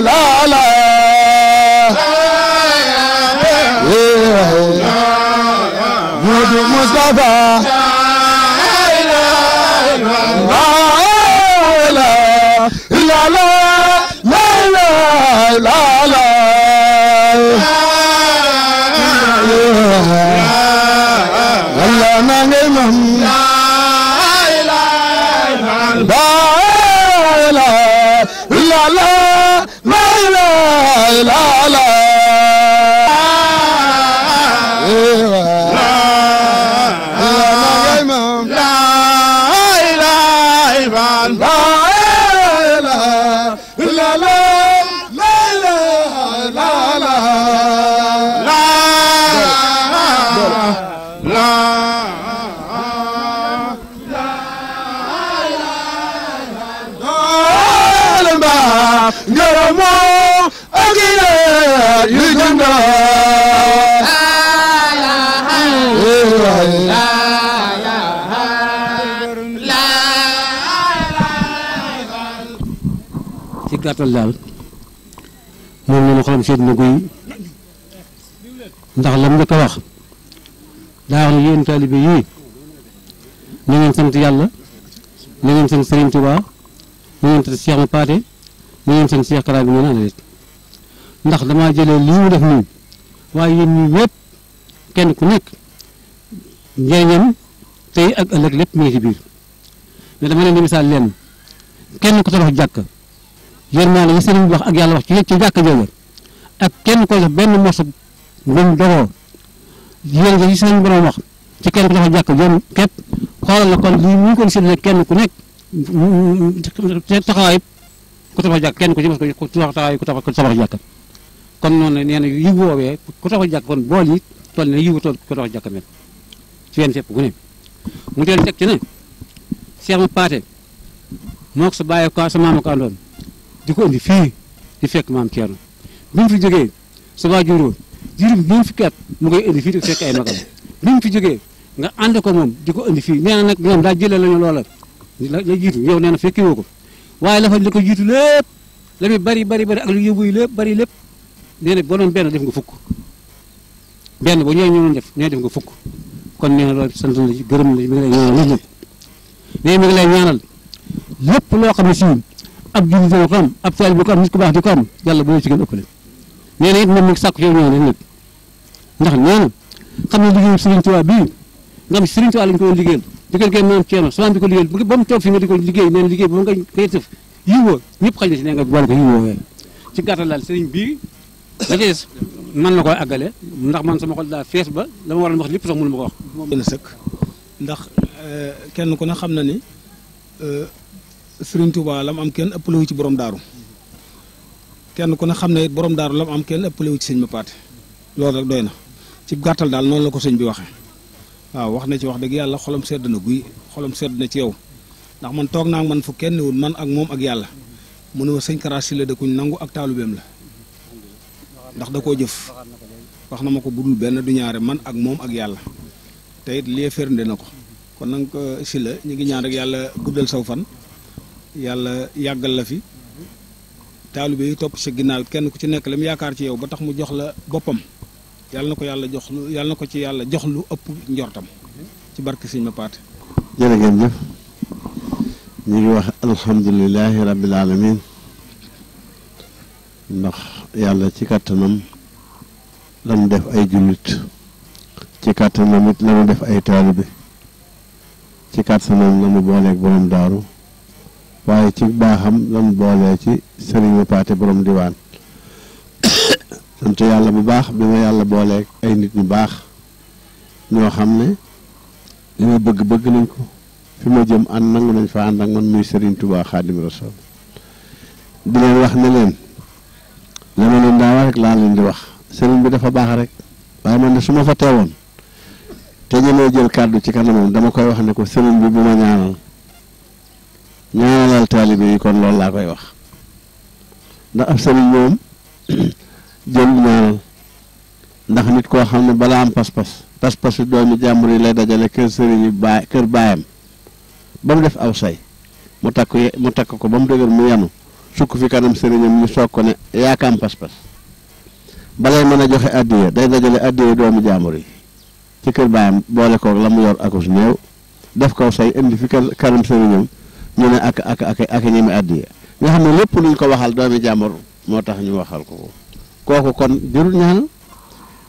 la la لا لا لا لا لا لا gàttal daal moom la ñu xolam sedd na guy ndax lam njëkk a wax daa wax ne yéen taalibe yii na ngeen sant yàlla na ngeen sant Serigne Touba na ngeen sant Cheikh ma Paate na ngeen sant Cheikh Kara bi ma naan ndax damaa jëlee lii mu def nii waaye yéen ñii ñëpp kenn ku nekk njëriñam tey ak ëllëg lépp mu ngi ci biir mais dama leen di misaal leen kenn ku tabax jàkka. yërmaane yi sëriñ bi wax ak yàlla wax ci ci jàkka jëwër ak kenn ko jox benn mosub luñ dogoo yéen yi sëriñ borom wax ci kenn ko jox jàkka jëm képp xoolal na kon lii ñu ko séddale kenn ku nekk taxawaay ku tabax jàkk kenn ku ci mos ko taxawaay ku tabax jàkka kon noonu nee na yu woowee ku tabax jàkk kon bool yi toll na yiwu toll ku tabax jàkka mel ci wenn fépp gu ne mu teel teg ci ne Cheikh ma paate moo ko sa bàyyi ko sa maama ko àndoon di ko indi fii di fekk maam Thierno bi fi jógee sa waajuroo juróom ñeent fukki at mu koy indi fii di fekk ay magam bi fi jógee nga ànd ko moom di ko indi fii nee na nag ñoom daa jëlee la ñu loola la jiitu yow nee na fekki ko waaye la fa ko jiitu lépp la muy bari bari bari ak lu yóbbu yi lépp bari lépp nee na boo doon benn def nga fukk benn ba ñooy ñoo def nee def nga fukk kon nee na loolu sant la gërëm la mi ngi lay ñaanal lépp mi ngi lay ñaanal ab jullit dana ko am ab taal bi ko am di ko am yàlla boo ci gën ëppale nee na it moom nag sàkku yow ñoo lañ ko woon liggéeyal di ko liggéeyal maam fi nga di ko liggéey nee na liggéey ba nga koy def yiwoo ñëpp xaj na si ko yiwoo ci gàttal daal sëriñ bii ndax man sama xol daa fees ba la ma waroon wax lépp sax mënu ma ko wax moom gën a sëkk ndax euh, kenn ko ne xam na ni euh, Serigne Touba lam am kenn wu ci borom daru kenn ku ne xam borom daru lam am kenn wu ci serigne ma paate rek doyna ci gattal dal non la ko serigne bi waxee waaw wax na ci wax deug yalla xolam sedd na guy xolam sedd na ci yow ndax man tok naa man fu kenn wu man ak mom ak yalla mu wa serigne Kara Sylla kuñ nangu ak talubem la ndax da ko jëf wax na mako budul ben du ñaare man ak mom ak tayit te it nako kon nang ko sile ñi ngi ñaan rek yalla guddal saw fan yàlla yàggal la fi taalibe bi topp sa ginnaaw kenn ku ci nekk la mu yaakaar ci yow ba tax mu jox la boppam yàlla na ko yàlla jox lu ko ci yàlla jox lu ëpp njortam ci barke Sëñ ngeen jëf ñu ngi wax alhamdulilahi rabbil alamin ndax yàlla ci kàttanam lanu def ay jullit ci kàttanam it lanu def ay bi ci kàttanam lanu booleeg borom daaru waaye ci baaxam lan boolee ci sëriñ paate borom diwaan sant yàlla bu baax bi ma yàlla boolee ay nit ñu baax ñoo xam ne li ma bëgg bëgg nañ ko fi ma jëm ànd nangu nañ fa ànd ak man muy sëriñ tubaa xaadim rasul di leen wax ne leen la ma leen daa rek laa leen di wax sëriñ bi dafa baax rek waaye man de su ma fa teewoon te ñemee jël kàddu ci kanamam dama koy wax ne ko sëriñ bi bu ma ñaanal ñaanal taalibe yi kon loolu laa koy wax ndax ab sëriñ moom jënd ñaanal ndax nit koo xam ne balaa am pas-pas pas-pas yu doomi jàmbur yi lay dajale kër sëriñ yi baay kër baayam ba mu def aw say mu takk mu takk ko ba mu dëgër mu yanu sukk fi kanam sëriñam ñu soog ko ne yaakaam pas-pas balay mën a joxe addiya day dajale addiya doomi jàmbur yi ci kër baayam boole koog la mu yor akus néew def kaw say indi fi kanam sëriñam ñu ne ak ak ak ak ñi mi àddiya nga xam ne lépp luñ ko waxal doomi jàmbur moo tax ñu waxal ko kooku kon jërul ñaanal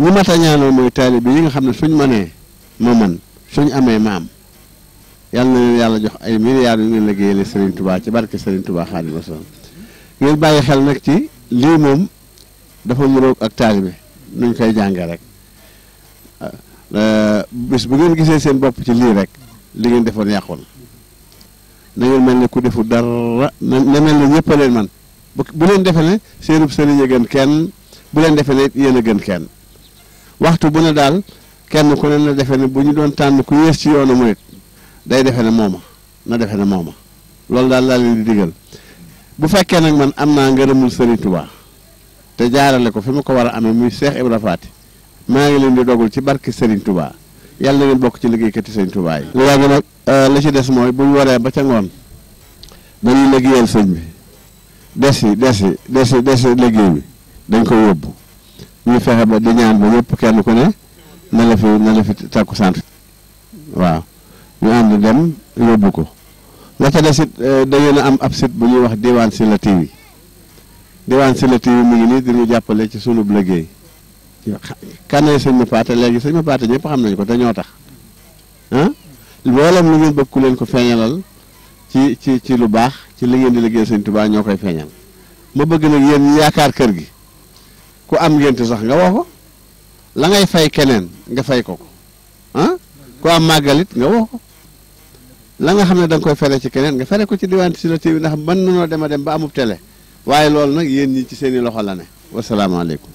ñu mat a ñaanal mooy taalibe yi nga xam ne suñ manee ma man suñ amee ma am yàlla na leen yàlla jox ay milliards yu ngeen liggéeyale Serigne Touba ci barke Serigne Touba Xaadimu Rasuul ngeen bàyyi xel nag ci lii moom dafa muroog ak taalibe nuñ koy jànge rek ah, euh, bis bu ngeen gisee seen bopp ci lii rek li ngeen defoon yàqu na ngeen mel ne ku defu dara na mel ne ñëpp a leen man bu leen defe ne seenub sëriñ a gën kenn bu leen defe ne yéen a gën kenn waxtu bu ne daal kenn ku ne na defe ne bu ñu doon tànn ku yées ci yoonu murit day defe ne mooma na defe ne mooma loolu daal daal leen di digal bu fekkee nag man am naa ngërëmul sëriñ tubaa te jaarale ko fi ma ko war a amee muy Seex Ibra Faati maa ngi leen di dogul ci barke sëriñ tubaa yàlla na ngeen bokk ci liggéeykati sëriñ Tuubaa yi Euh, la ci des mooy bu ñu waree ba ca ngoon dañuy liggéeyal sëñ bi des yi des yi des yi des yi liggéey bi dañ ko yóbbu ñu fexe ba di ñaan ba ñëpp kenn ku ne na la fi na la fi takku sant waaw ñu ànd dem yóbbu ko la ca des it euh, dañu am ab site bu ñuy wax diwaan si la TV diwaan si la TV mu ngi nii di ñu jàppale ci sunu liggéey kanee sëñ ma paate léegi sëñ ma paate ñëpp xam nañ ko te ñoo tax mboolem lu ngeen bëgg ku leen ko feeñalal ci ci ci lu baax ci li ngeen di liggéey sëñ Tuubaa ñoo koy feeñal ma bëgg nag yéen ñu yaakaar kër gi ku am ngénte sax nga woo la ngay fay keneen nga fay ko ko ah ku am màggalit nga woo la nga xam ne da koy fere ci keneen nga fere ko ci Diwane Silla TV ndax mën nañoo dem dema dem ba amub télé waaye loolu nag yéen ñi ci seeni loxo la ne wasalaamaaleykum